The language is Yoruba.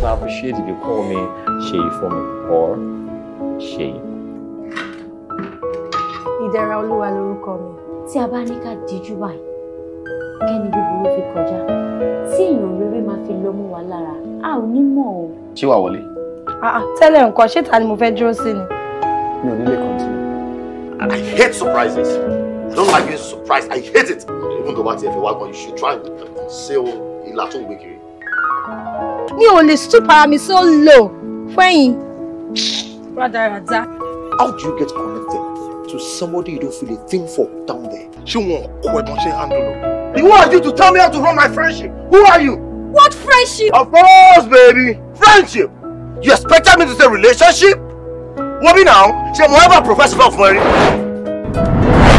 because I appreciate if you call me Sheyi for me or Sheyi. Ìdára Olúwa lorúkọ mi. Tí a bá ní ká díjú báyìí, kẹ́ni búburú fi kọjá. Tí èèyàn rere máa fi lọ mú wa lára, a ò ní mọ̀ o. Ṣé Ah, wọlé? Ah, tẹ́lẹ̀ nǹkan ṣé ta ni mo fẹ́ dúró sí ni? Mi ò nílé I hate surprises. I don't like being surprised. I hate it. Even though bá ti ẹ̀ fẹ́ wá gan, you should try and seal ìlà tó ń gbé kiri mi ò lè stoop ara mi so low fẹ́yìn. rádaràda. how do you get connected to somebody you don't feel a thing for down there. ṣé wọn kọ ẹ̀gbọ́n ṣe handle lọ. who are you to tell me how to run my friendship who are you. what friendship. of course baby friendship you expect me to say relationship. wọ́n bí náà ṣe mo ever profess love for ẹ